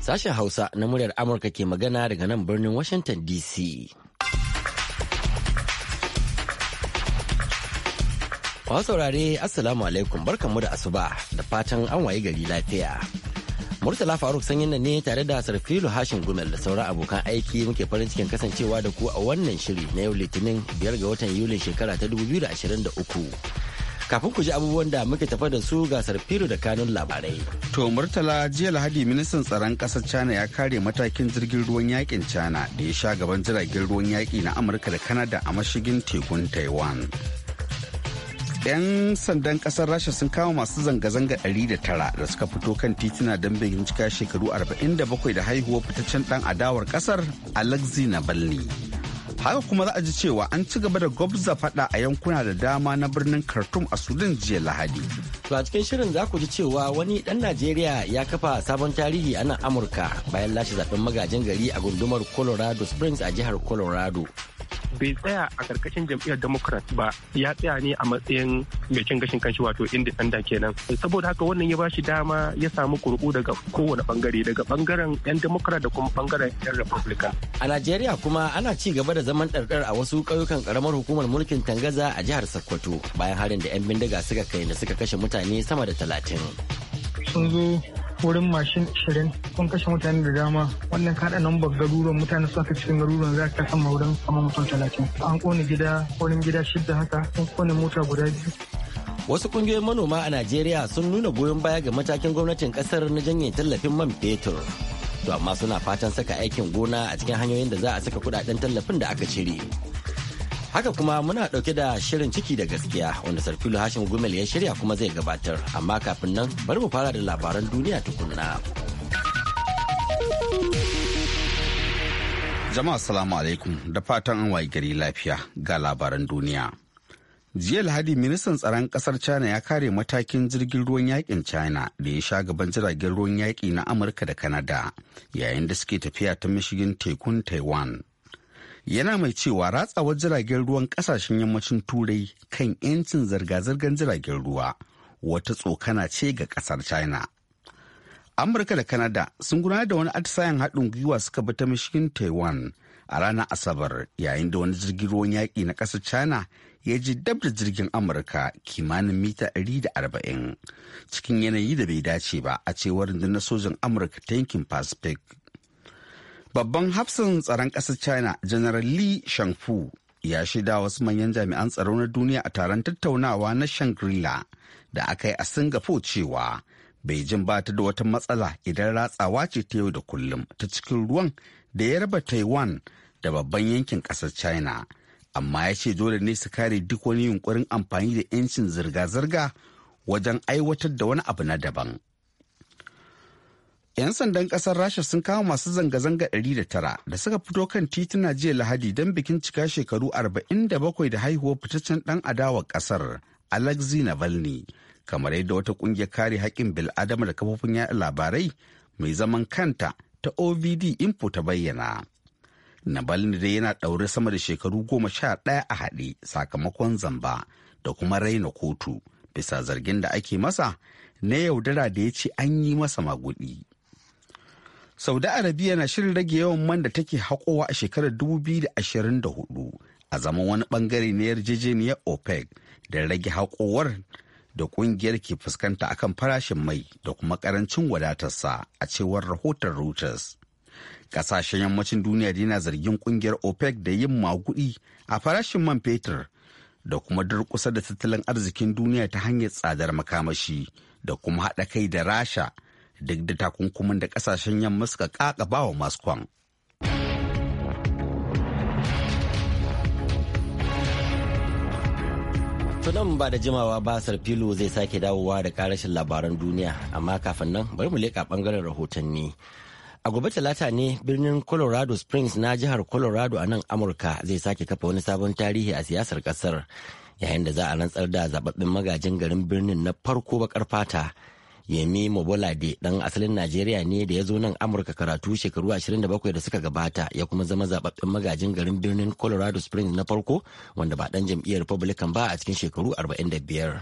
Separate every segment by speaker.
Speaker 1: Sashen Hausa na muryar Amurka ke magana daga nan birnin Washington DC. Wa saurare Assalamu alaikum barkanmu da asuba da fatan an wayi gari lafiya. Murtala Faruk sanyin nan ne tare da Sarfilu Hashin Gumel da sauran abokan aiki muke farin cikin kasancewa da ku a wannan shiri na yau Litinin biyar ga watan Yulin shekara ta 2023. Kafin ku ji abubuwan da muke tafa da su ga Sarfilu da kanun labarai. To Murtala jiya Lahadi ministan tsaron ƙasar China
Speaker 2: ya kare matakin jirgin ruwan yakin China da ya sha gaban jiragen ruwan yaki na Amurka da Canada a mashigin tekun Taiwan. 'yan sandan kasar rasha sun kama masu zanga-zanga 109 da suka fito kan tituna don bincika shekaru 47 da haihuwar fitaccen dan adawar kasar na navalny haka kuma za a ji cewa an ci gaba da gwabza fada a yankuna da dama na birnin khartoum a sudan jiya lahadi
Speaker 1: to a cikin shirin za ku ji cewa wani dan najeriya ya kafa sabon tarihi a nan amurka bayan lashe zaben magajin gari a gundumar colorado springs a jihar colorado bai
Speaker 3: tsaya a karkashin jam'iyyar democrat ba ya tsaya ne a matsayin mai cin gashin kanshi wato independent kenan saboda haka wannan ya bashi dama ya samu kurku daga kowane bangare daga bangaren yan democrat da kuma bangaren
Speaker 1: yan republican a najeriya kuma ana ci gaba da zaman ɗarɗar a wasu ƙauyukan karamar hukumar mulkin tangaza a jihar sokoto bayan harin da yan bindiga suka kai da suka kashe mutane sama da talatin
Speaker 4: sun zo wurin mashin 20 kun kashe mutane da dama wannan kada nan garuruwan mutane su aka cikin garuruwan za ka sama wurin kama mutum 30 an kone gida wurin gida shidda haka sun kone mota guda biyu
Speaker 1: wasu kungiyoyin manoma a najeriya sun nuna goyon baya ga matakin gwamnatin kasar na janye tallafin man fetur to amma suna fatan saka aikin gona a cikin hanyoyin da za a saka kudaden tallafin da aka cire Haka kuma muna dauke da shirin ciki da gaskiya wanda Sarfilu Hashim Gumel ya shirya kuma zai gabatar. Amma kafin nan bari mu fara da labaran duniya tukunna.
Speaker 2: Jama'a salamu alaikum da fatan an waye gari lafiya ga labaran duniya. Jiya Lahadi ministan tsaron kasar China ya kare matakin jirgin ruwan yakin China da ya sha gaban jiragen ruwan yaƙi na Amurka da canada yayin da suke tafiya ta mashigin tekun Taiwan. yana mai cewa ratsawar jiragen ruwan kasashen yammacin turai kan 'yancin zirga-zirgar jiragen ruwa wata tsokana ce ga kasar china amurka da Kanada sun gudanar da wani atisayen haɗin gwiwa suka bi ta mashigin taiwan a ranar asabar yayin da wani jirgin ruwan yaƙi na ƙasar china ya ji dab da jirgin amurka kimanin mita 140 cikin yanayi da bai dace ba a cewar rundunar sojin amurka ta yankin pacific Babban hafsin tsaron ƙasar China, General Li Shangfu, ya shida wasu manyan jami'an tsaro na duniya a taron tattaunawa na Shangri-La da aka yi a Singapore cewa Beijing ba ta da wata matsala idan ratsawa ce ta yau da kullum ta cikin ruwan da ya raba Taiwan da babban yankin ƙasar China. Amma ya ce dole ne su kare duk wani yunkurin amfani da 'yancin zirga-zirga wajen aiwatar da wani abu na daban. 'Yan sandan ƙasar Rasha sun kama masu zanga-zanga 109 da suka fito kan tituna jiya Lahadi don bikin cika shekaru 47 da haihuwar fitaccen ɗan adawar ƙasar Alexei Navalny, kamar yadda wata ƙungiyar kare haƙƙin bil'adama da kafofin yaɗa labarai mai zaman kanta ta OVD Info ta bayyana. Navalny dai yana ɗaure sama da shekaru goma sha ɗaya a haɗe sakamakon zamba da kuma raina kotu bisa zargin da ake masa na yaudara da ya ce an yi masa maguɗi. saudi arabiya na shirin rage yawan man da take haƙowa a shekarar 2024 a zaman wani bangare na yarjejeniyar opec da rage haƙowar da ƙungiyar ke fuskanta akan farashin mai da kuma ƙarancin wadatarsa a cewar rahoton reuters Ƙasashen yammacin duniya yana zargin ƙungiyar opec da yin maguɗi a farashin man fetur da kuma durƙusa da tattalin arzikin duniya ta hanyar tsadar makamashi da kuma haɗa kai da rasha duk da takunkumin da kasashen yamma suka
Speaker 1: kakaba wa Moscow. Tunan ba da jimawa ba Sarfilo zai sake dawowa da karashin labaran duniya, amma kafin nan bari mu leƙa ɓangaren rahotanni. A gobe talata ne birnin Colorado Springs na jihar Colorado a nan Amurka zai sake kafa wani sabon tarihi a siyasar ƙasar, yayin da za a rantsar da zababben magajin garin birnin na farko bakar fata Yemi Mobolade dan asalin Najeriya ne da ya zo nan Amurka karatu shekaru 27 da suka gabata ya kuma zama zababben magajin garin birnin Colorado Springs na farko wanda ba dan jam'iyyar Republican ba a cikin shekaru 45.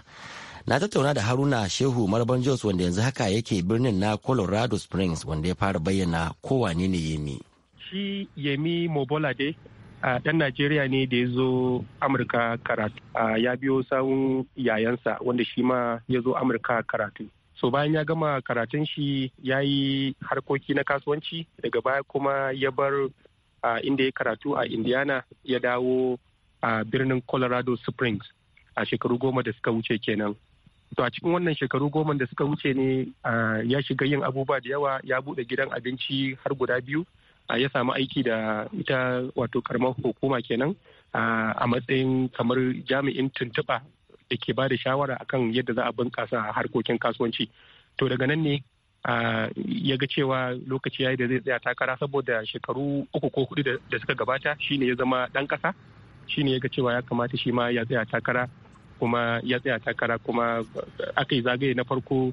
Speaker 1: Na tattauna da Haruna Shehu Marban Jos wanda yanzu haka yake birnin na Colorado Springs wanda ya fara bayyana kowane ne Yemi.
Speaker 3: Shi Yemi Mobolade a dan Najeriya ne da ya zo Amurka karatu ya biyo sawun yayansa wanda shi ma ya zo Amurka karatu. so bayan ya gama karatun shi ya yi harkoki na kasuwanci daga baya kuma ya bar inda ya karatu a indiana ya dawo a birnin colorado springs a shekaru goma da suka wuce kenan to a cikin wannan shekaru goma da suka wuce ne ya shiga yin abubuwa da yawa ya bude gidan abinci har guda biyu ya samu aiki da ita wato karamar hukuma kenan a matsayin kamar jami'in tuntuba da ke ba da shawara akan yadda za a bunkasa harkokin kasuwanci to daga nan ne ya ga cewa lokaci yayi da zai tsaya takara saboda shekaru uku ko hudu da suka gabata shine ya zama ɗan kasa shine ya ga cewa ya kamata shi ma ya tsaya takara kuma ya tsaya takara kuma aka yi zagaye na farko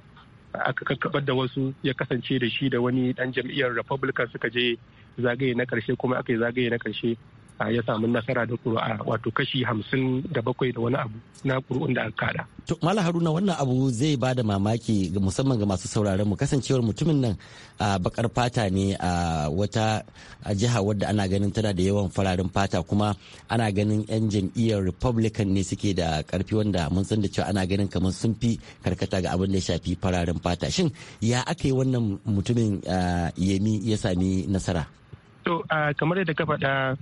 Speaker 3: aka kakkabar da wasu ya kasance da shi da wani dan jam'iyyar republican suka je zagaye na karshe kuma aka yi zagaye na karshe ya samu nasara da ƙuri'a wato kashi hamsin da bakwai da wani abu na ƙuri'un da aka kada.
Speaker 1: To Mala Haruna wannan abu zai ba da mamaki musamman ga masu sauraron mu kasancewar mutumin nan a bakar fata ne a wata jiha wadda ana ganin tana da yawan fararen fata kuma ana ganin 'yan jam'iyyar Republican ne suke da karfi wanda mun san da cewa ana ganin kamar sun fi karkata ga abin da ya shafi fararen fata. Shin ya aka yi wannan mutumin yemi ya sami nasara?
Speaker 3: To kamar yadda ka faɗa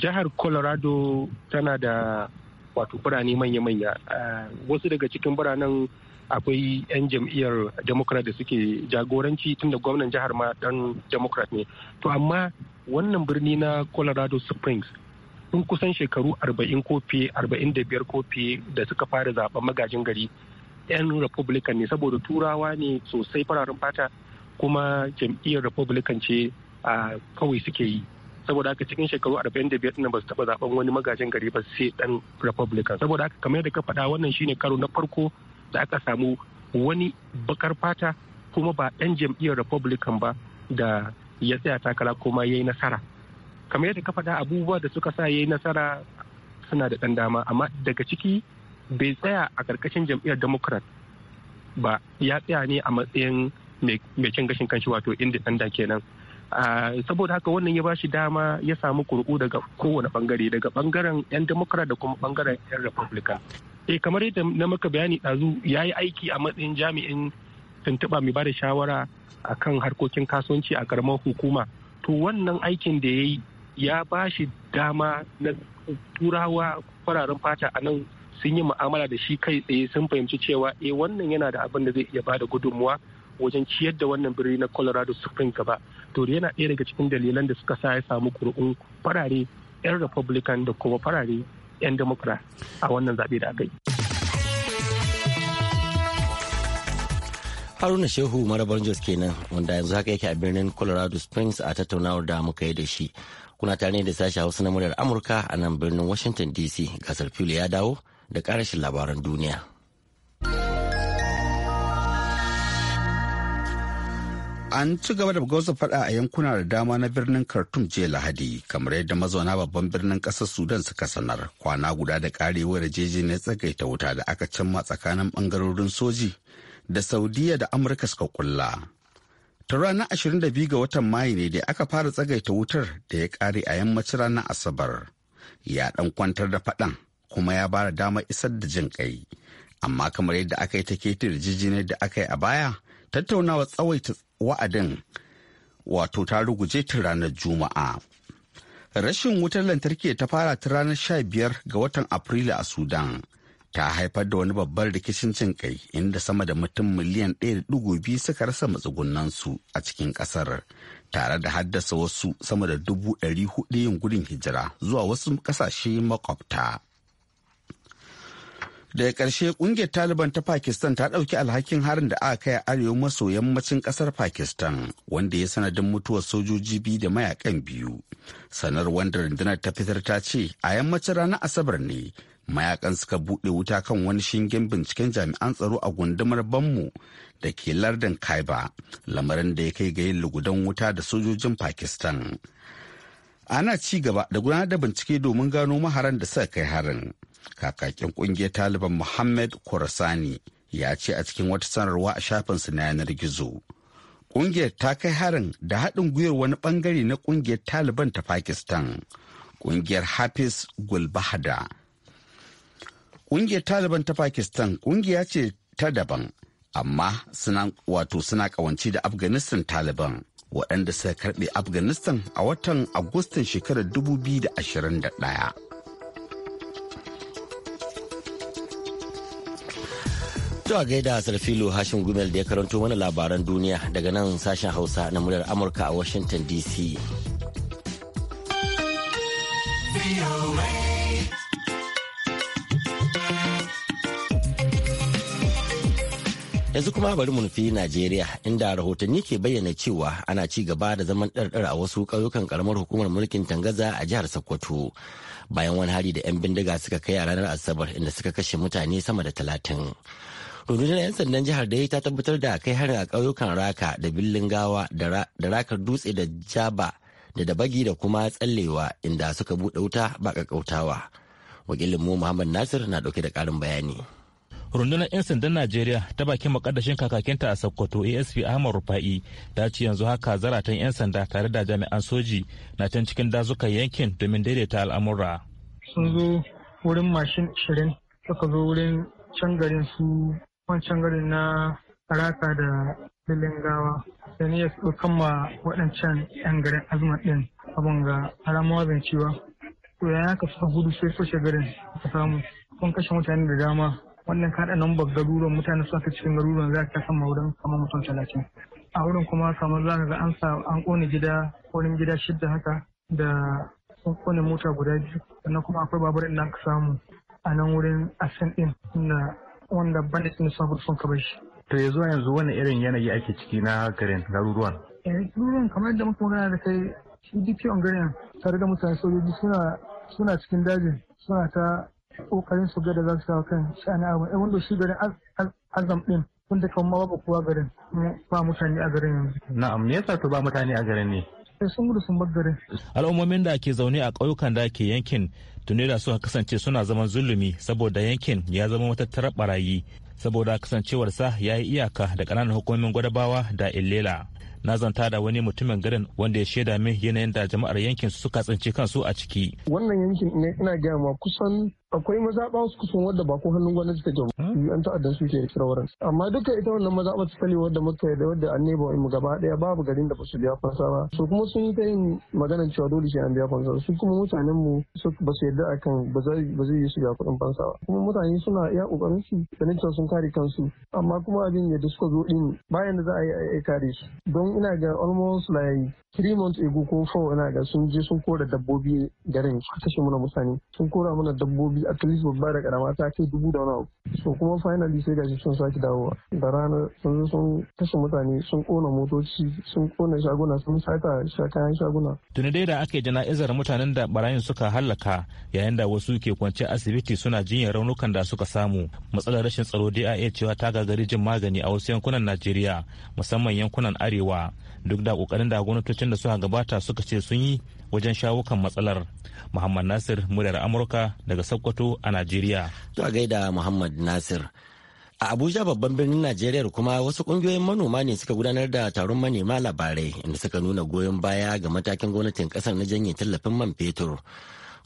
Speaker 3: jihar Colorado tana da wato birane manya-manya wasu daga cikin biranen akwai 'yan jam'iyyar democrat da suke jagoranci tunda gwamnan jihar ma dan democrat ne to amma wannan birni na colorado springs sun kusan shekaru 40 ko fiye 45 ko fiye da suka fara zaben magajin gari 'yan republican ne saboda turawa ne sosai fararen fata kuma jam'iyyar republican ce a kawai suke yi saboda haka cikin shekaru 45 din ba su taɓa zaben wani magajin gari ba sai ɗan republican saboda haka kamar yadda ka faɗa wannan shine karo na farko da aka samu wani bakar fata kuma ba ɗan jam'iyyar republican ba da ya tsaya takara kuma yayi nasara kamar yadda ka faɗa abubuwa da suka sa ya nasara suna da ɗan dama amma daga ciki bai tsaya a karkashin jam'iyyar democrat ba ya tsaya ne a matsayin mai cin gashin kanshi wato independent kenan saboda haka wannan ya bashi dama ya samu kurku daga kowane bangare daga bangaren 'yan democrat da kuma bangaren 'yan republican eh kamar yadda na maka bayani dazu ya yi aiki a matsayin jami'in tuntuɓa mai ba da shawara a kan harkokin kasuwanci a karamar hukuma to wannan aikin da ya yi ya bashi dama na turawa fararen fata a nan sun yi mu'amala da shi kai tsaye sun fahimci cewa eh wannan yana da abin da zai iya ba da gudunmuwa wajen ciyar da wannan birni na colorado spring gaba to yana ɗaya daga cikin dalilan da suka sa ya samu kuri'un farare 'yan republican da kuma farare 'yan democrat a wannan zaɓe da aka yi
Speaker 1: haruna shehu marabar jos kenan wanda yanzu haka yake a birnin colorado springs a tattaunawar da muka yi da shi kuna tare da sashi hausa na muryar amurka a nan birnin washington dc gasar fili ya dawo da karashin labaran duniya
Speaker 2: an ci gaba da gausa faɗa a yankuna da dama na birnin khartoum jiya lahadi kamar yadda mazauna babban birnin kasar sudan suka sanar kwana guda da da karewar yarjejeniyar tsagaita wuta da aka cimma tsakanin bangarorin soji da saudiya da amurka suka kulla ta ranar biyu ga watan mayu ne da aka fara tsagaita wutar da ya kare a yammacin ranar asabar ya dan kwantar da faɗan kuma ya bara damar isar da jin kai amma kamar yadda aka yi ta keta da jijiyar da aka yi a baya tattaunawa tsawaita wa'adin wato ta ruguje ta ranar juma'a rashin wutar lantarki ta fara ta ranar 15 ga watan afrilu a sudan ta haifar da wani babbar rikicin cin kai inda sama da mutum miliyan 1.2 suka rasa matsugunansu a cikin kasar tare da haddasa wasu sama da dubu ɗari hudu yin gudun hijira zuwa wasu ƙasashe makwabta. daga ƙarshe ƙungiyar taliban ta pakistan ta ɗauki alhakin harin da aka kai a arewa maso yammacin ƙasar pakistan wanda ya sanadin mutuwar sojoji biyu da mayakan biyu sanar wanda rundunar ta fitar ta ce a yammacin ranar asabar ne mayakan suka buɗe wuta kan wani shingen binciken jami'an tsaro a gundumar banmu da ke lardin kaiba lamarin da ya kai ga yin lugudan wuta da sojojin pakistan ana ci gaba da gudanar da bincike domin gano maharan da suka kai harin kakakin kungiyar taliban muhammad kurasani ya ce a cikin wata sanarwa a shafinsa na yanar gizo kungiyar ta kai harin da haɗin gwiwar wani bangare na kungiyar taliban ta pakistan kungiyar hafiz gulbahada kungiyar taliban ta pakistan kungiya ce ta daban amma suna wato suna kawanci da afghanistan taliban waɗanda suka karɓe afghanistan a watan agustan shekarar 2021
Speaker 1: To a gaida Sarfilo Hashim Gumel da ya karanto mana labaran duniya daga nan sashen Hausa na muryar Amurka a Washington DC. yanzu kuma bari mu nufi najeriya inda rahotanni ke bayyana cewa ana ci gaba da zaman ɗarɗar a wasu ƙauyukan ƙaramar hukumar mulkin tangaza a jihar sokoto bayan wani hari da 'yan bindiga suka kai a ranar asabar inda suka kashe mutane sama da talatin rundunar 'yan sandan jihar da ta tabbatar da kai harin a ƙauyukan raka da billin gawa da rakar dutse da jaba da dabagi da kuma tsallewa inda suka buɗe wuta ba ƙaƙƙautawa wakilin mu muhammad nasir na ɗauke da ƙarin bayani
Speaker 5: rundunar 'yan sandan najeriya ta bakin makaddashin kakakinta a sokoto asp ahmad rufa'i ta ce yanzu haka zaratan 'yan sanda tare da jami'an soji na can cikin dazukan yankin domin daidaita al'amura
Speaker 4: sun zo wurin mashin 20 suka zo wurin can garin su wancan garin na araka da gawa da ni ya ɗaukan ma waɗancan 'yan garin azuma ɗin abin ga alamawa cewa To ya ka suka gudu sai soshe garin ka samu kun kashe mutane da dama wannan kaɗa nan garuruwan mutane su aka cikin garuruwan za ka sama wurin kamar mutum talatin. A wurin kuma kamar za ka ga an sa an ƙone gida wurin gida shidda haka da sun ƙone mota guda biyu sannan kuma akwai babur ɗin da aka samu a nan wurin asin ɗin na wanda ban da suna gudu sun ka shi.
Speaker 5: To ya zuwa yanzu wani irin yanayi ake ciki na garin garuruwan?
Speaker 4: Eh, garuruwan kamar yadda muka magana da kai shi DP on garin tare da mutane sojoji suna cikin dajin suna ta kokarin su ga da za su kawo kan sha'ani abu. Eh wanda shi garin azam ɗin, wanda kan ma babu kowa garin ba mutane a garin yanzu.
Speaker 5: Na'am me yasa to ba mutane a garin ne? sun gudu sun Al'ummomin da ke zaune a ƙauyukan da ke yankin tuni da suka kasance suna zaman zulumi saboda yankin ya zama matattarar barayi saboda kasancewarsa ya yi iyaka da ƙananan hukumomin gwadabawa da illela. na zanta da wani mutumin garin wanda ya shaida min yanayin da jama'ar yankin suka tsinci kansu a ciki.
Speaker 4: Wannan yankin ina gaya ma kusan
Speaker 3: akwai mazaɓa wasu kusan wadda ba ko hannun gwamnati take ba an ta'addan su ke kira wurin amma duka ita wannan mazaɓa ta kalli wadda muka yi da wadda ba mu gaba ɗaya babu garin da ba su biya fansa ba so kuma sun
Speaker 4: yi ta yin maganar cewa dole sai an biya fansa su kuma mutanen mu ba su yarda akan ba zai yi su biya kuɗin fansa ba kuma mutane suna iya ƙoƙarin su da cewa sun kare kansu amma kuma abin yadda suka zo ɗin bayan da za a yi a kare su don ina ga almost like three months
Speaker 3: ago ko four ina ga sun je sun kora dabbobi garin kashe mana mutane sun kora mana dabbobi biyu at least babba da karama ta kai dubu da wani so kuma finally sai gashi sun sake dawowa da rana sun zo sun kashe mutane sun kona motoci sun kona shaguna sun sata kayan
Speaker 4: shaguna.
Speaker 5: tuni dai da ake jana'izar mutanen da barayin suka hallaka yayin da wasu ke kwance asibiti suna jinyar raunukan da suka samu matsalar rashin tsaro dai a iya cewa ta gagari jin magani a wasu yankunan najeriya musamman yankunan arewa duk da kokarin da gwamnatocin da suka gabata suka ce sun yi wajen shawukan matsalar muhammad nasir muryar amurka daga sokoto
Speaker 1: a najeriya to a gaida muhammad nasir a abuja babban birnin najeriya kuma wasu kungiyoyin manoma ne suka gudanar da taron manema labarai inda suka nuna goyon baya ga matakin gwamnatin kasar na janye tallafin man fetur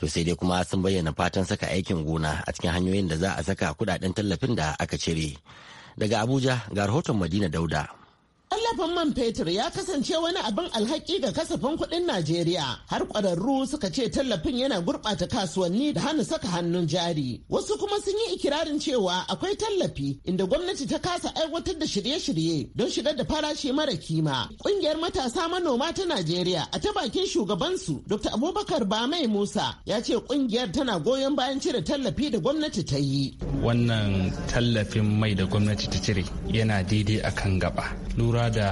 Speaker 1: to sai dai kuma sun bayyana fatan saka aikin gona a cikin hanyoyin da za a saka kudaden tallafin da aka cire daga abuja ga rahoton madina dauda
Speaker 6: Kasafin man fetur ya kasance wani abin alhaki ga kasafin kuɗin Najeriya. Har kwararru suka ce tallafin yana gurɓata kasuwanni da hana saka hannun jari. Wasu kuma sun yi ikirarin cewa akwai tallafi inda gwamnati ta kasa aiwatar da shirye-shirye don shigar da farashi mara kima. Ƙungiyar matasa manoma ta Najeriya a ta bakin shugaban su Dr. Abubakar Bamai Musa ya ce ƙungiyar tana goyon bayan cire tallafi da gwamnati ta yi.
Speaker 5: Wannan tallafin mai da gwamnati ta cire yana daidai akan gaba. Lura da da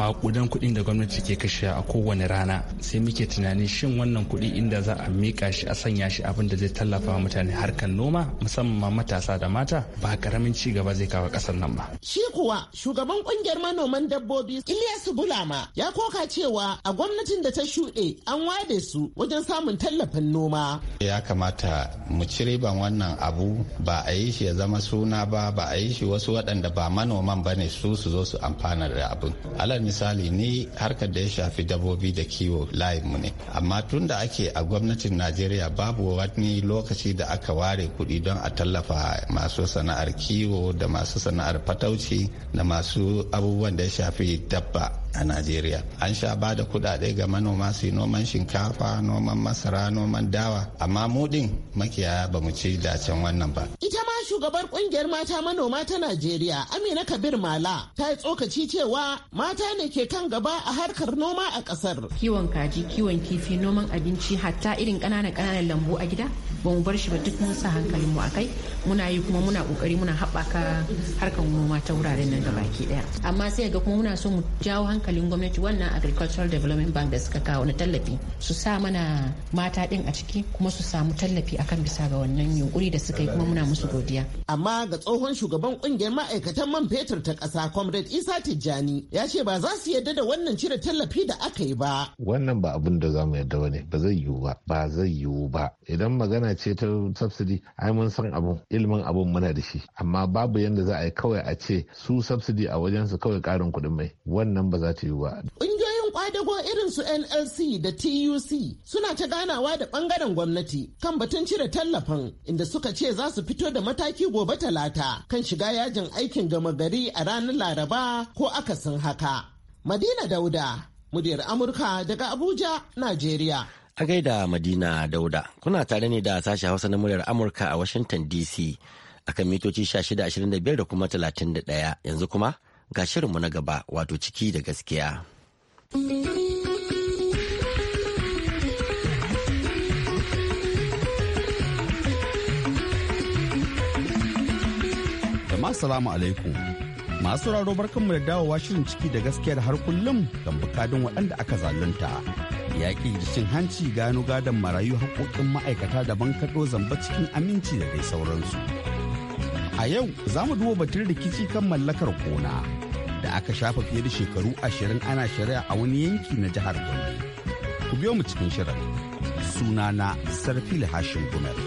Speaker 5: makudan kuɗin da gwamnati ke kashe a kowane rana sai muke tunani shin wannan kudi inda za a mika shi a sanya shi abin da zai tallafa mutane harkar noma musamman ma matasa da mata ba karamin ci gaba zai kawo ƙasar nan ba.
Speaker 6: Shi kuwa shugaban kungiyar manoman dabbobi Ilyasu Bulama ya koka cewa a gwamnatin da ta shuɗe an ware su wajen samun tallafin noma.
Speaker 2: Ya kamata mu cireban ban wannan abu ba a yi shi ya zama suna ba ba a yi shi wasu waɗanda ba manoman ba ne su su zo su amfana da abu. dabbobin alal misali ni harkar da ya shafi dabbobi da kiwo layin mu ne amma tun da ake a gwamnatin najeriya babu wani lokaci da aka ware kuɗi don a tallafa masu sana'ar kiwo da masu sana'ar fatauci da masu abubuwan da ya shafi dabba a najeriya an sha ba da kudade ga manoma su noman shinkafa noman masara noman dawa amma mu din makiyaya ba mu ci dacen wannan ba
Speaker 6: ita ma shugabar kungiyar mata manoma ta najeriya amina kabir mala ta yi tsokaci cewa mata ne ke kan gaba a harkar noma a kasar kiwon kaji kiwon kifi noman abinci hatta irin ƙananan ƙananan lambu a gida ba mu bar shi ba duk mun sa hankalin mu akai muna yi kuma muna kokari muna haɓaka harkar noma ta wuraren nan gaba ke daya amma sai ga kuma muna so mu jawo hankali hankalin gwamnati wannan agricultural development bank da suka kawo na tallafi su sa mana mata din a ciki kuma su samu tallafi akan bisa ga wannan yunkuri da suka yi kuma muna musu godiya amma ga tsohon shugaban kungiyar ma'aikatan man fetur ta kasa comrade isa tijjani ya ce ba za su yarda da wannan cire tallafi da aka yi ba wannan
Speaker 5: ba abun da za mu yarda ba ne ba zai yiwu ba ba zai yiwu ba idan magana ce ta subsidy ai mun san abun ilimin abun muna da shi amma babu yanda za a yi kawai a ce su subsidy a wajen su kawai karin kuɗin mai wannan ba za ta
Speaker 6: Ƙungiyoyin kwadago irin su NLC da TUC suna ta ganawa da ɓangaren gwamnati kan batun cire tallafin inda suka ce za su fito da mataki gobe talata kan shiga yajin aikin gama gari a ranar Laraba ko akasin haka. Madina Dauda, muryar Amurka daga Abuja, Najeriya.
Speaker 1: A gaida Madina Dauda, kuna tare ne da sashen Hausa na muryar Amurka a Washington DC akan mitoci 1625 da kuma 31 yanzu kuma ga shirinmu na gaba wato ciki da gaskiya.
Speaker 2: Jama'a salamu alaikum. Masu raro barkanmu da dawowa shirin ciki da gaskiya da har kullum kan bukadin waɗanda aka zalunta. Yaƙi da cin hanci gano gadon marayu haƙoƙin ma'aikata da bankaɗo zamba cikin aminci da dai sauransu. A yau za mu duba batun rikici kan mallakar gona da aka shafa fiye da shekaru ashirin ana shari'a a wani yanki na jihar Gombe. Ku biyo mu cikin shirin. Sunana Sarfil Hashim Gumel.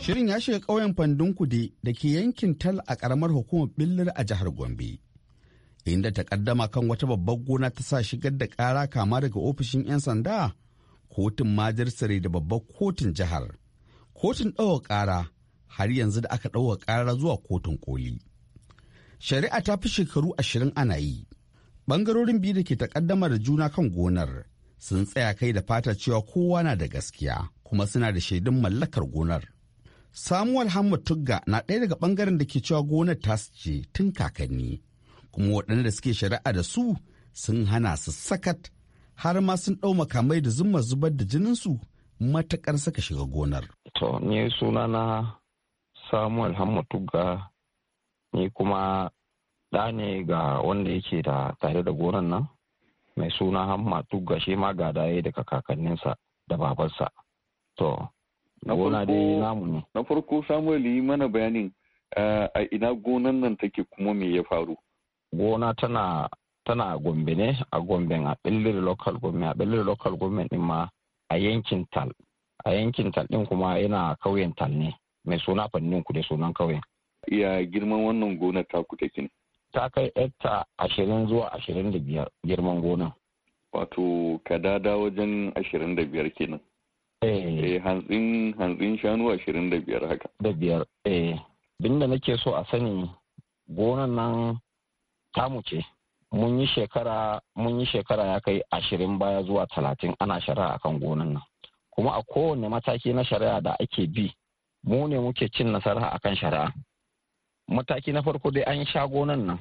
Speaker 2: Shirin ya shiga ƙauyen Fandun Kude da ke yankin Tal a ƙaramar hukumar Billir a jihar Gombe. inda ta kaddama kan wata babbar gona ta sa shigar da kara kama daga ofishin 'yan sanda kotun majirsare da babbar kotun jihar kotun ɗaukar kara har yanzu da aka ɗaukar kara zuwa kotun koli shari'a ta fi shekaru ashirin ana yi Bangarorin biyu da ke takaddama da juna kan gonar sun tsaya kai da fata cewa kowa na da gaskiya kuma suna da shaidun mallakar gonar Samuwar hamad tugga na ɗaya daga ɓangaren da ke cewa gonar ta ce tun kakanni kuma waɗanda suke shari'a da su sun hana su sakat har ma sun ɗau makamai da zuma zubar da jininsu matakar saka shiga gonar.
Speaker 7: To, ni suna na Samuel Hammatuga ni kuma ɗa ne ga wanda yake da tare da gonar nan mai suna Hammatuga shi ma ga daye daga kakanninsa da babarsa To, na gona dai namu ne. Na farko Samuel yi mana bayanin eh, a ina gonan nan take kuma me ya faru? gona tana tana gombe ne a gomben a billiri local gombe a billiri local gombe din ma a yankin tal a yankin tal din kuma yana kauyen tal ne mai suna fannin ku da sunan kauyen
Speaker 8: ya girman wannan gona ta ku take ne
Speaker 7: ta kai hekta ashirin zuwa ashirin da biyar girman gonar
Speaker 8: wato kadada wajen ashirin da biyar kenan eh, eh hantsin hantsin shanu ashirin da biyar haka da
Speaker 7: biyar eh abinda nake so a sani gonan nan tamu ce mun yi shekara mun yi shekara ya kai ashirin baya zuwa talatin ana shari'a akan gonan nan kuma a kowane mataki na shari'a da ake bi mu ne muke cin nasara akan shari'a mataki na farko dai an sha gonan nan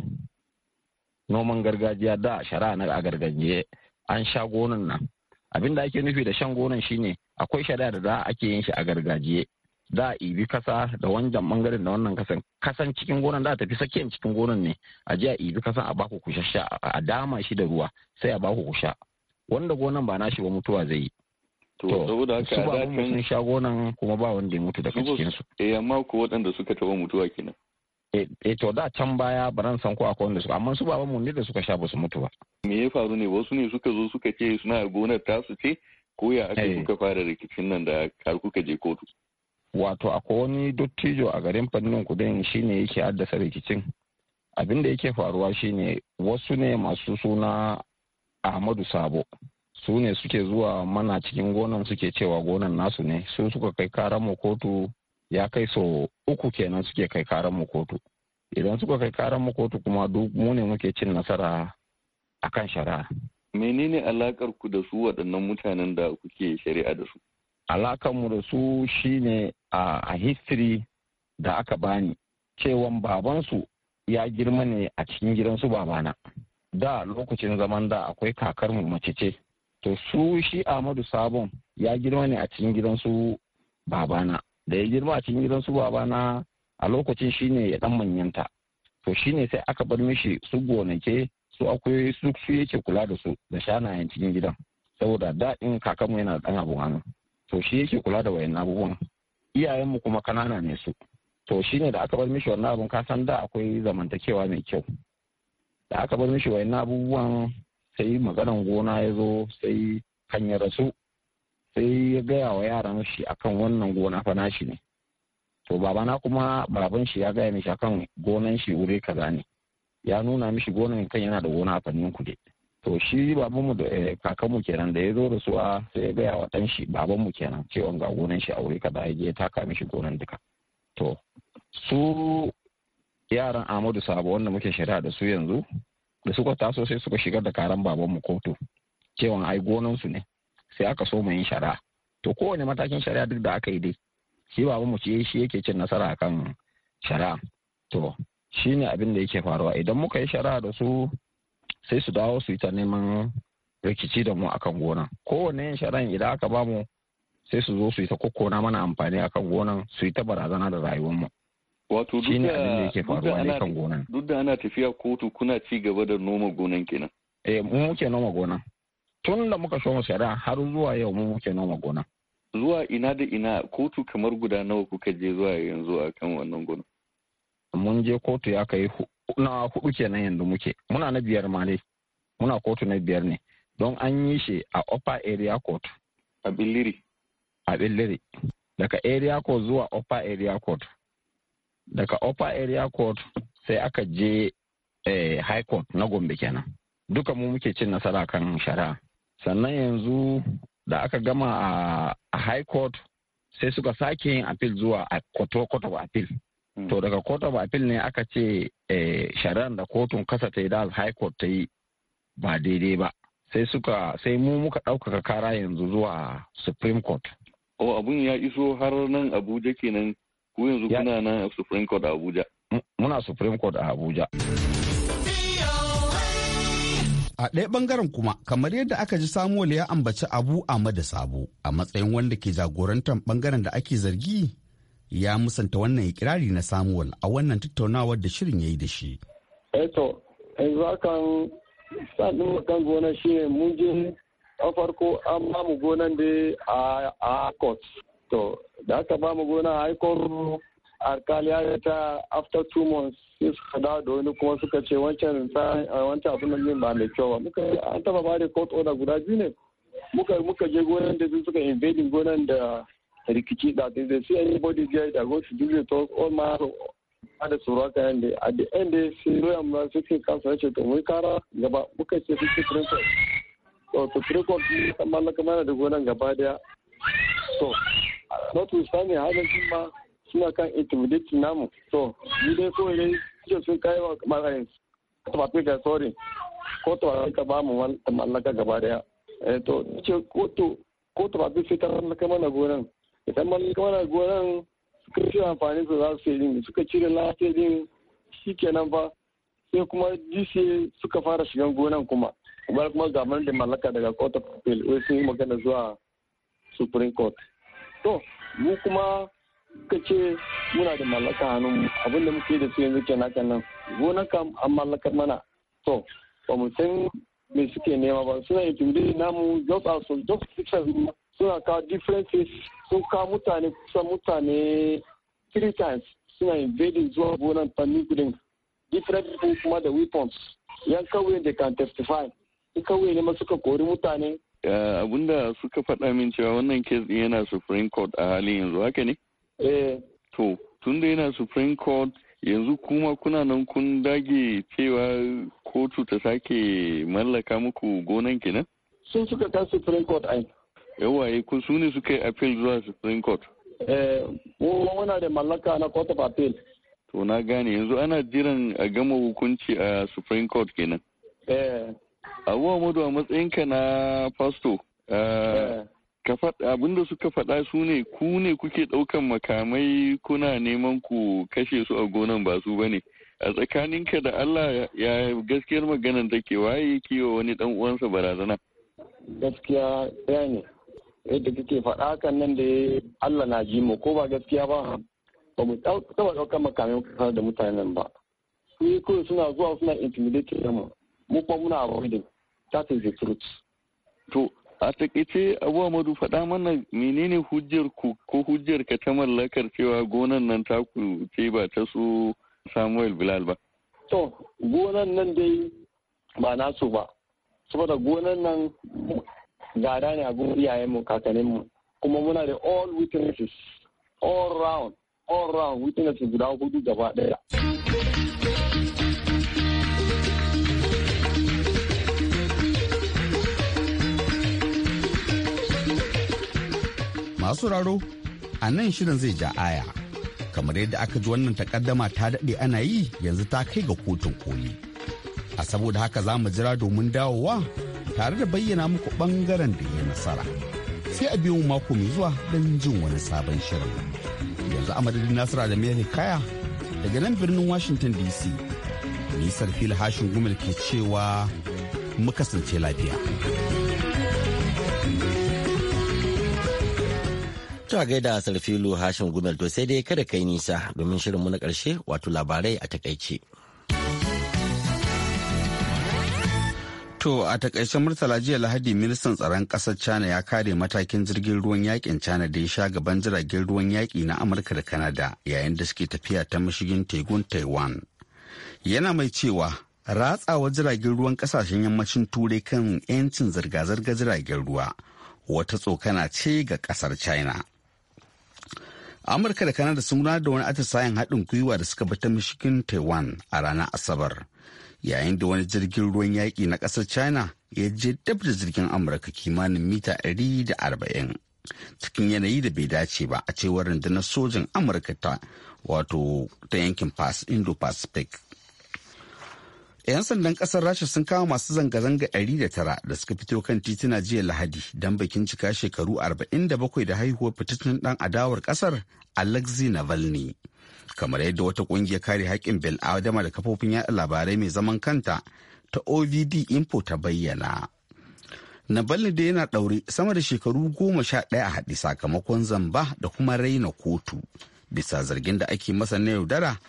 Speaker 7: noman gargajiya da shari'a na a gargajiye an sha gonan nan abinda ake nufi da shan gonan shine akwai shari'a da za ake yin shi a gargajiye da a ibi kasa da wancan bangaren da wannan kasan kasan cikin gonan da tafi sakiyan cikin gonan ne a je a ibi kasan a baku ku sha a dama shi da ruwa sai a baku ku sha wanda gonan ba nashi ba mutuwa zai yi to saboda haka su ba mun sun sha gonan kuma ba wanda ya mutu daga cikin su eh amma ko waɗanda suka taba mutuwa kenan eh, eh to da can baya baran san ko akwai wanda su amma su ba mu ne da suka sha ba su mutu ba
Speaker 8: me ya faru ne wasu ne suka zo suka ce suna gonar tasu ce ko ya ake eh. kuka fara rikicin nan da har kuka je kotu
Speaker 7: wato akwai wani dottijo a garin fannin kudin shine yake addasa rikicin Abinda da yake faruwa shine wasu ne masu suna ahmadu sabo su ne suke zuwa mana cikin gonan suke cewa gonan nasu ne su suka kai karan mu kotu ya kai so uku kenan suke kai karan mu kotu idan suka kai karan mu kotu kuma duk mune muke cin nasara akan shari'a
Speaker 8: menene alakar ku da su waɗannan mutanen da kuke shari'a da su
Speaker 7: alakanmu da su shine a history da aka bani cewan babansu ya girma ne a cikin gidansu babana da lokacin zaman da akwai kakarmu mace ce to su shi ahmadu sabon ya girma ne a cikin gidansu babana da ya girma a cikin gidansu babana a lokacin shine ya dan manyanta to shine sai aka bar mishi su gonake su akwai su yake kula da su da shanayen cikin gidan saboda daɗin kakarmu yana da ɗan abun hannu to shi yake kula da wayan abubuwan iyayenmu kuma kanana ne su to shi ne da aka bar mishi wannan abun kasan da akwai zamantakewa mai kyau da aka bar mishi wayan abubuwan sai maganan gona ya zo sai kan ya rasu sai ya gaya wa yaran shi akan wannan gona fa nashi ne to babana kuma baban shi ya gaya mishi akan gonan shi wuri kaza ne ya nuna mishi gonan kan yana da gona a fannin kuɗi to shi babanmu da eh, kakanmu kenan da ya zo da su a ah, sai ya gaya wa ɗan shi babanmu kenan cewa ga gonan shi a wuri kaza ya je ya taka mishi gonan duka to su yaran Ahmadu Sabo wanda muke shari'a da su yanzu da suka taso sai suka shigar da karan babanmu kotu cewa ai gonan su ne sai aka so mu yin shari'a to kowane matakin shari'a duk da aka yi dai shi babanmu ce shi yake cin nasara akan shari'a to shine abin da yake faruwa idan muka yi shari'a da su sai su dawo su yi ta neman rikici da mu akan gonan kowane yin sharan idan aka bamu sai su zo su yi ta kokkona mana amfani akan gonan su yi ta barazana da rayuwar mu wato duk da
Speaker 8: duk da ana tafiya kotu kuna ci gaba da noma gonan kenan
Speaker 7: eh mu muke noma gonan tun da muka so mu har zuwa yau mu muke noma gonan
Speaker 8: zuwa ina da ina kotu kamar guda nawa kuka je zuwa yanzu
Speaker 7: akan wannan gonan mun je kotu ya kai na hudu kenan yanzu muke muna na biyar ma ne muna kotu na biyar ne don an yi shi a upper area court a billiri a billiri daga area court zuwa upper area court daga upper area court sai aka je eh, high court na gombe kenan duka mu muke cin nasara kan shari'a sannan yanzu da aka gama a, high court sai suka sake yin appeal zuwa a kwato of appeal to daga court of appeal ne aka ce eh, shari'ar da kotun kasa ta yi da high court ta yi ba daidai ba sai suka sai mu muka ɗaukaka kara yanzu zuwa supreme court
Speaker 8: o abun ya iso har nan abuja kenan ko yanzu
Speaker 7: kuna nan supreme court a abuja muna supreme court a abuja
Speaker 2: a ɗaya ɓangaren kuma kamar yadda aka ji samuwal ya ambaci abu a da sabo a matsayin wanda ke jagorantar ɓangaren da ake zargi ya musanta wannan ikirari na Samuel a wannan tattaunawar da shirin ya yi da shi.
Speaker 9: Eto, eh yanzu hakan sadin kan gona shi ne mun je a farko an ba mu gonan da a court. To, da aka ba mu gona a court alkali ya ta after two months sai suka dawo da wani kuma suka ce wancan wancan abin nan ba mai kyau ba muka an taba ba da court order guda biyu ne muka muka je gonan da suka invading gonan da rikici that if they see anybody there that goes to do the talk all a da tsoro haka yan da a da yan da sai lawyer mu suke kansa ce to mun kara gaba muka ce suke trinkot to to trinkot ne kamar na kamar da gonan gaba daya to not withstanding halin ma suna kan intimidate namu to ni dai kawai dai suke sun kai wa kamar ba fi da sorry ko to ka ba mu mallaka gaba daya eh to ce ko to ko to ba fi fitar mallaka mana gonan idan man kamar gonan suka ce amfani su za su din suka cire na shi kenan fa sai kuma dca suka fara shigan gonan kuma kuma kuma gamar da mallaka daga court of appeal wai sun yi magana zuwa supreme court to mu kuma ka ce muna da mallaka hannun abin da muke da su yanzu ke naka nan gonan kam an mallakar mana to ba mu san me suke nema ba suna yi tumbi namu just as just suna kawo differences sun kawo mutane kusan mutane three times suna invading zuwa gonan fannin kudin different people kuma da weapons yan kawai da kan testify in kawai ne suka kori mutane
Speaker 8: abinda suka faɗa min cewa wannan kes din yana supreme court a halin yanzu haka ne eh to tun da yana supreme court yanzu kuma kuna nan kun dage cewa kotu ta sake mallaka muku gonan kenan sun suka kai supreme court ai yawaye eh, ko su ne suka yi appeal zuwa supreme court
Speaker 9: eh, muna da mallaka na court of appeal
Speaker 8: to na gane yanzu ana jiran a gama hukunci a supreme court kenan eh. abuwa madu a matsayinka na pasto ah, abinda suka faɗa su ne ku ne kuke ɗaukan makamai kuna neman ku kashe su a gonan ba su bane a tsakaninka da Allah ya gaskiyar maganan take waye kiwo wani dan uwansa barazana
Speaker 9: gaskiya ne yadda kake faɗa kan nan da Allah na ji mu ko ba gaskiya ba ba mu taɓa ɗaukar makamai kasar da mutanen ba su kawai suna zuwa suna da mu mu kuma muna avoiding that is the truth to a taƙaice abu
Speaker 8: amadu faɗa mana menene hujjar ku ko hujjar ka ta mallakar cewa gonan nan ku ce ba ta so samuel bilal ba
Speaker 9: to gonan nan dai ba nasu ba saboda gonan nan gada ne a gun iyayenmu kakanninmu kuma muna da all witnesses all round all round witnesses guda hudu gaba daya
Speaker 2: masu raro a nan shirin zai ja aya kamar yadda aka ji wannan takaddama ta daɗe ana yi yanzu ta kai ga kotun koli a saboda haka za mu jira domin dawowa tare da bayyana muku bangaren da ya nasara. Sai a biyo mako mai zuwa don jin wani sabon shirin. Yanzu a madadin Nasiru Adamu Kaya daga nan birnin Washington DC. Nisar fil hashin gumel ke
Speaker 1: cewa mu kasance lafiya. Ta gaida Sarfilu Hashim Gumel to sai dai kada kai nisa domin shirinmu na ƙarshe wato labarai a takaice.
Speaker 2: To a takaice Murtala jiya Lahadi ministan tsaron ƙasar China ya kare matakin jirgin ruwan yakin China da ya sha gaban jiragen ruwan yaƙi na Amurka da Kanada yayin da suke tafiya ta mashigin tegun Taiwan. Yana mai cewa ratsawa jiragen ruwan ƙasashen yammacin turai kan 'yancin zirga-zirga jiragen ruwa wata tsokana ce ga ƙasar China. Amurka da Kanada sun gudanar da wani atisayen haɗin gwiwa da suka bi ta mashigin Taiwan a ranar Asabar. yayin da wani jirgin ruwan yaƙi na ƙasar china ya je dab da jirgin amurka kimanin mita 140 cikin yanayi da bai dace ba a cewar rundunar sojin amurka ta wato ta yankin indo-pacific 'Yan sandan ƙasar Rasha sun kama masu zanga-zanga 109 da suka fito kan tituna jiya Lahadi don bakin cika shekaru 47 da haihuwar fitattun dan adawar kasar Alexei Navalny. Kamar yadda wata kungiyar kare haƙƙin Bel'adama da kafofin yaɗa labarai mai zaman kanta ta OVD Info ta bayyana. Navalny da yana ɗaure sama da shekaru goma sha ɗaya a haɗi sakamakon zamba da kuma raina kotu bisa zargin da ake masa na yaudara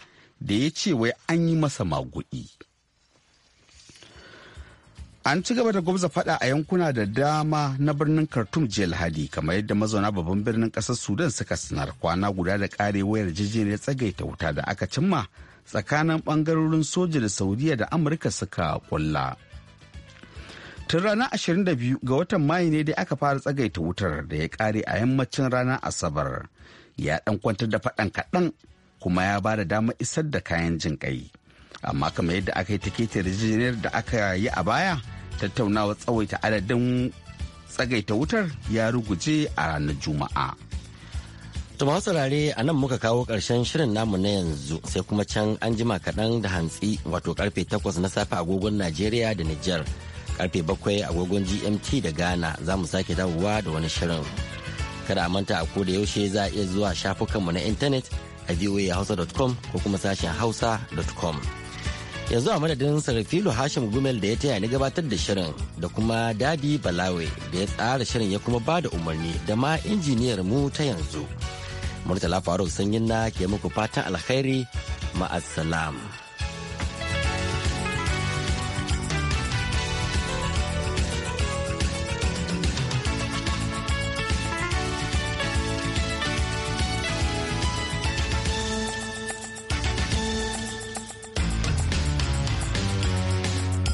Speaker 2: da ya ce wai an yi masa maguɗi. An ci gaba da gwamza fada a yankuna da dama na birnin Khartoum jiya Lahadi kamar yadda mazauna babban birnin kasar Sudan suka sanar kwana guda da kare wayar jijiyar tsagaita wuta da aka cimma tsakanin bangarorin soja da Saudiya da Amurka suka kulla. Tun ranar 22 ga watan Mayu ne dai aka fara tsagaita wutar da ya kare a yammacin rana Asabar. Ya dan kwantar da faɗan kaɗan kuma ya ba da damar isar da kayan jin amma kamar yadda aka yi take rijiyar da aka yi a baya tattaunawa tsawaita adadin tsagaita wutar ya
Speaker 1: ruguje a ranar juma'a to masu saurare a nan muka kawo ƙarshen shirin namu na yanzu sai kuma can an jima kaɗan da hantsi wato karfe 8 na safe agogon najeriya da niger karfe 7 agogon gmt da ghana za mu sake dawowa da wani shirin kada a manta a koda yaushe za a iya zuwa shafukanmu na intanet a voahausa.com ko kuma sashen hausa.com. yanzu a madadin sarrafilu hashim gumel da ya taya ni gabatar da shirin da kuma dadi balawe da ya tsara shirin ya kuma ba da umarni da ma injiniyar mu ta yanzu murtala faruk sanyin na ke muku fatan alkhairi ma'assalam.